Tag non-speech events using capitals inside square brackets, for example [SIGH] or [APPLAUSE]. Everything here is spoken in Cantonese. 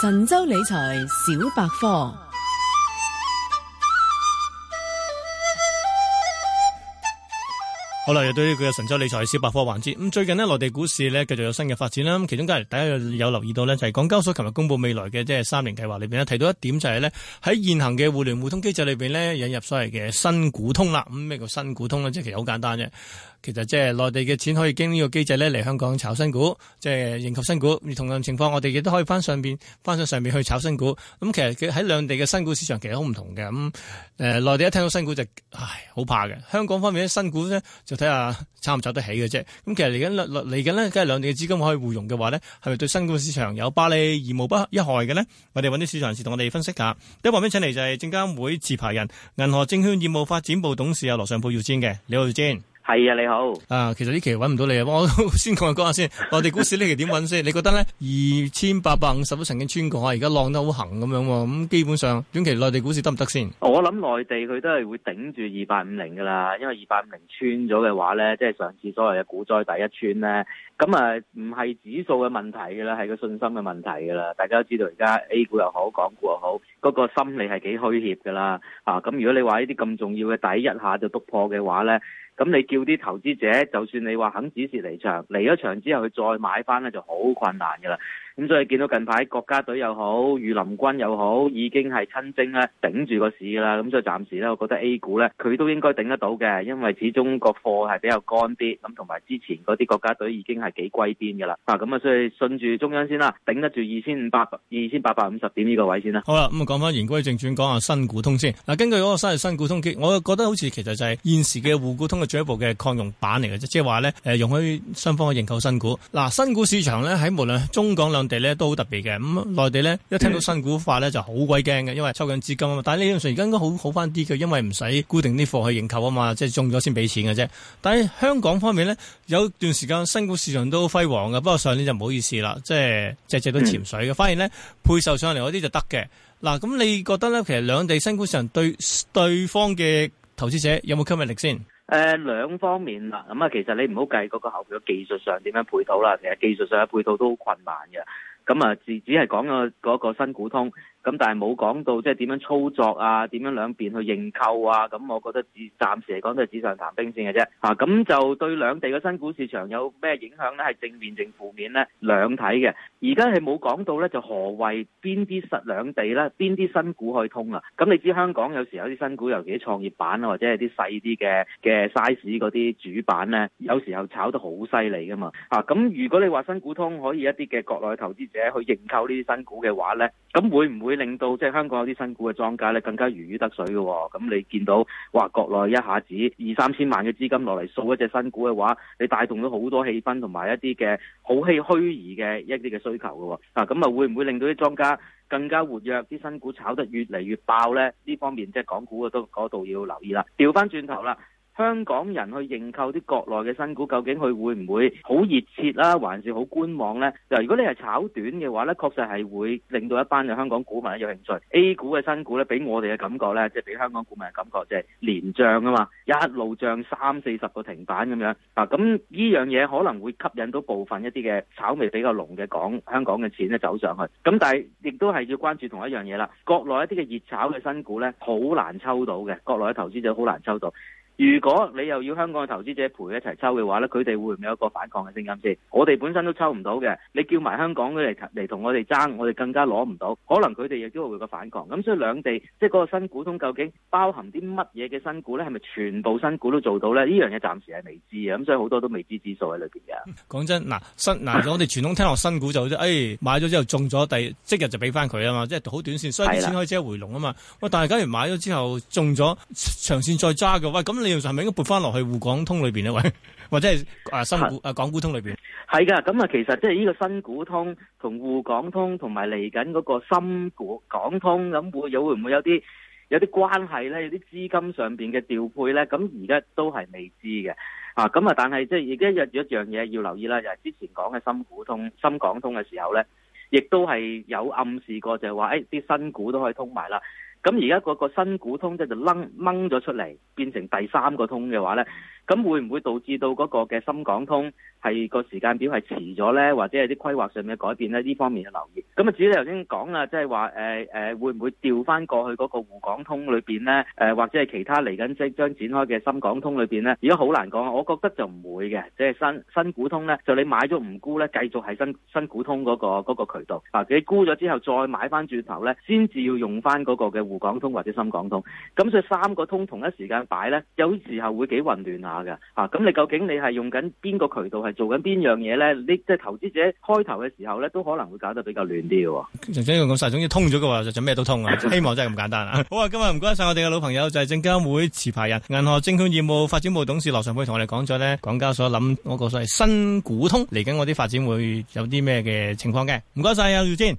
神州理財小百科。好啦，又對佢個神州理財小百科環節。咁最近呢，內地股市呢，繼續有新嘅發展啦。咁其中間，大家有留意到呢，就係、是、港交所琴日公布未來嘅即係三年計劃裏邊呢，提到一點就係呢，喺現行嘅互聯互通機制裏邊呢，引入所謂嘅新股通啦。咁、嗯、咩叫新股通呢？即係其實好簡單啫。其實即係內地嘅錢可以經呢個機制呢嚟香港炒新股，即係認購新股。同樣情況，我哋亦都可以翻上邊，翻上上面去炒新股。咁、嗯、其實佢喺兩地嘅新股市場其實好唔同嘅。咁、嗯、誒，內、呃、地一聽到新股就唉好怕嘅。香港方面嘅新股呢。就睇下炒唔炒得起嘅啫。咁其實嚟緊呢，嚟緊咧，梗係兩地嘅資金可以互融嘅話呢，係咪對新股市場有百利而無不一害嘅呢？我哋搵啲市場人士同我哋分析下。第一個話題請嚟就係證監會自牌人、銀河證券業務發展部董事阿羅尚沛耀先嘅，你好耀先。要係啊，你好。啊，其實呢期揾唔到你啊，我先講下先。內 [LAUGHS] 地股市呢期點揾先？ [LAUGHS] 你覺得咧？二千八百五十都曾經穿過，而家浪得好行咁樣喎。咁、嗯、基本上短期內地股市得唔得先？我諗內地佢都係會頂住二八五零噶啦，因為二八五零穿咗嘅話咧，即係上次所謂嘅股災第一穿咧，咁啊唔係指數嘅問題嘅啦，係個信心嘅問題噶啦。大家都知道而家 A 股又好，港股又好，嗰、嗰個心理係幾虛怯噶啦。啊，咁如果你話呢啲咁重要嘅第一,一下就篤破嘅話咧，咁你。叫啲投資者，就算你話肯止蝕離場，離咗場之後佢再買翻咧就好困難噶啦。咁所以見到近排國家隊又好，御林軍又好，已經係親征咧，頂住個市啦。咁所以暫時咧，我覺得 A 股咧，佢都應該頂得到嘅，因為始終個貨係比較乾啲，咁同埋之前嗰啲國家隊已經係幾歸邊嘅啦。啊，咁啊，所以順住中央先啦，頂得住二千五百二千八百五十點呢個位先啦。好啦，咁啊講翻言歸正傳，講下新股通先。嗱，根據嗰個新嘅新股通機，我覺得好似其實就係現時嘅滬股通嘅進一步嘅擴容版嚟嘅啫，即係話咧，用喺雙方嘅認購新股。嗱，新股市場咧喺無論中港兩地咧都好特別嘅，咁、嗯、內地咧一聽到新股化咧就好鬼驚嘅，因為抽緊資金啊嘛。但係理論上而家應該好好翻啲嘅，因為唔使固定啲貨去認購啊嘛，即係中咗先俾錢嘅啫。但係香港方面咧，有段時間新股市場都輝煌嘅，不過上年就唔好意思啦，即係隻隻都潛水嘅。嗯、反而咧配售上嚟嗰啲就得嘅。嗱，咁你覺得咧，其實兩地新股市場對對方嘅投資者有冇吸引力先？誒、呃、兩方面啦，咁啊，其實你唔好計嗰個後邊嘅技術上點樣配套啦，其實技術上嘅配套都好困難嘅。咁啊、嗯，只只係講嗰個新股通。咁但係冇講到即係點樣操作啊，點樣兩邊去認購啊？咁我覺得暫時嚟講都係紙上談兵先嘅啫。咁、啊、就對兩地嘅新股市場有咩影響咧？係正面定負面咧？兩睇嘅。而家係冇講到咧，就何為邊啲實兩地咧？邊啲新股可以通啊？咁你知香港有時候有啲新股，尤其啲創業板啊，或者係啲細啲嘅嘅 size 嗰啲主板咧，有時候炒得好犀利㗎嘛。咁、啊、如果你話新股通可以一啲嘅國內投資者去認購呢啲新股嘅話咧，咁會唔會？會令到即係香港有啲新股嘅莊家咧，更加如魚得水嘅喎、哦。咁你見到哇，國內一下子二三千萬嘅資金落嚟掃一隻新股嘅話，你帶動咗好多氣氛同埋一啲嘅好虛虛擬嘅一啲嘅需求嘅喎、哦。啊，咁啊會唔會令到啲莊家更加活躍？啲新股炒得越嚟越爆呢？呢方面即係港股嘅都嗰度要留意啦。調翻轉頭啦。香港人去認購啲國內嘅新股，究竟佢會唔會好熱切啦、啊，還是好觀望呢？嗱，如果你係炒短嘅話呢，確實係會令到一班嘅香港股民有興趣。A 股嘅新股呢，俾我哋嘅感覺呢，即係俾香港股民嘅感覺，就係連漲啊嘛，一路漲三四十個停板咁樣。咁、啊、呢樣嘢可能會吸引到部分一啲嘅炒味比較濃嘅港香港嘅錢呢走上去。咁但係亦都係要關注同一樣嘢啦，國內一啲嘅熱炒嘅新股呢，好難抽到嘅，國內嘅投資者好難抽到。如果你又要香港嘅投資者陪佢一齊抽嘅話咧，佢哋會唔會有一個反抗嘅聲音先？我哋本身都抽唔到嘅，你叫埋香港嘅嚟嚟同我哋爭，我哋更加攞唔到。可能佢哋亦都會會有一個反抗。咁所以兩地即係嗰個新股通究竟包含啲乜嘢嘅新股咧？係咪全部新股都做到咧？呢樣嘢暫時係未知。咁所以好多都未知之數喺裏面嘅。講真嗱、啊，新嗱、啊、我哋傳統聽落新股就好誒、哎、買咗之後中咗，第即日就俾翻佢啊嘛，即係好短線，所以先開始係回籠啊嘛。喂，但係假如買咗之後中咗長線再揸嘅，喂咁你？係咪應該撥翻落去滬港通裏邊咧？或或者係啊深股啊港股通裏邊？係噶，咁啊，其實即係呢個新股通同滬港通同埋嚟緊嗰個深股港通咁會，會，會有會唔會有啲有啲關係咧？有啲資金上邊嘅調配咧？咁而家都係未知嘅啊。咁啊，但係即係而家有一樣嘢要留意啦，就係、是、之前講嘅深股通深港通嘅時候咧，亦都係有暗示過就係話誒，啲、哎、新股都可以通埋啦。咁而家嗰個新股通即係就掹掹咗出嚟，變成第三個通嘅話咧。咁會唔會導致到嗰個嘅深港通係個時間表係遲咗呢？或者係啲規劃上嘅改變呢？呢方面嘅留意。咁啊，至於你頭先講啦即係話誒誒會唔會調翻過去嗰個滬港通裏面呢？呃、或者係其他嚟緊即將展開嘅深港通裏面呢？而家好難講我覺得就唔會嘅，即係新新股通呢，就你買咗唔沽呢，繼續喺新新股通嗰個嗰個渠道。嗱、啊，你沽咗之後再買翻轉頭呢，先至要用翻嗰個嘅滬港通或者深港通。咁所以三個通同一時間擺呢，有時候會幾混亂啊！嘅，咁、啊、你究竟你係用緊邊個渠道係做緊邊樣嘢咧？呢即係投資者開頭嘅時候咧，都可能會搞得比較亂啲嘅。鄭總之通咗嘅話就咩都通啊！ [LAUGHS] 希望真係咁簡單啊！好啊，今日唔該晒我哋嘅老朋友，就係證監會持牌人、銀河證券業務發展部董事羅尚沛同我哋講咗咧，港交所諗嗰個所謂新股通嚟緊，我啲發展會有啲咩嘅情況嘅？唔該晒啊，耀堅。